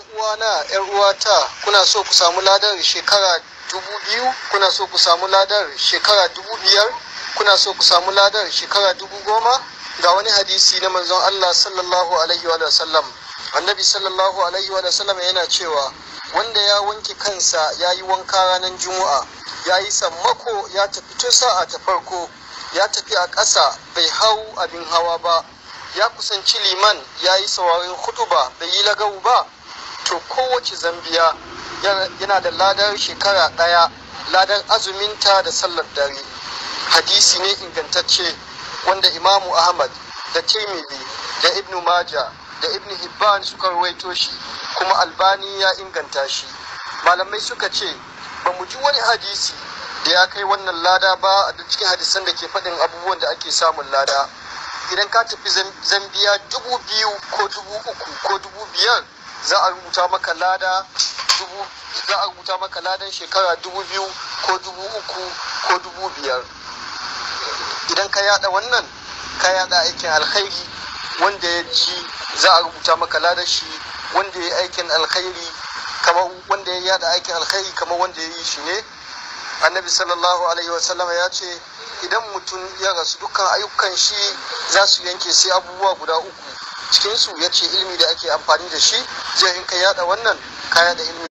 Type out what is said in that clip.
'yan uwana 'yar uwata kuna so ku samu ladar shekara dubu biyu kuna so ku samu ladar shekara dubu biyar kuna so ku samu ladar shekara dubu goma ga wani hadisi na manzon Allah sallallahu alaihi wa sallam annabi sallallahu alaihi wa sallam yana cewa wanda ya wanke kansa ya yi wanka ranar juma'a ya yi sammako ya tafi tun sa'a ta farko ya tafi a ƙasa bai hau abin hawa ba ya kusanci liman ya yi hudu ba, bai yi lagau ba to kowace zambiya yana da ladar shekara ɗaya ladar azuminta da sallar dare hadisi ne ingantacce wanda imamu ahmad da tirmidhi da ibnu maja da ibnu hibban suka rawaito shi kuma albani ya inganta shi malamai suka ce ba mu ji wani hadisi da ya kai wannan lada ba a cikin hadisan da ke faɗin abubuwan da ake samun lada idan ka tafi zambiya dubu biyu ko dubu uku ko dubu biyar za a rubuta maka lada dubu za a rubuta maka ladan shekara dubu biyu ko dubu uku ko dubu biyar idan ka yada wannan ka yada aikin alkhairi wanda ya ci za a rubuta maka ladan shi wanda ya aikin alkhairi kamar wanda ya yada aikin alkhairi kamar wanda ya yi shi ne annabi sallallahu alaihi wasallama ya ce idan mutum ya rasu dukkan ayyukan shi za su yanke sai abubuwa guda uku cikinsu ya ce ilimi da ake amfani da shi zai in ka yada wannan kaya da ilimi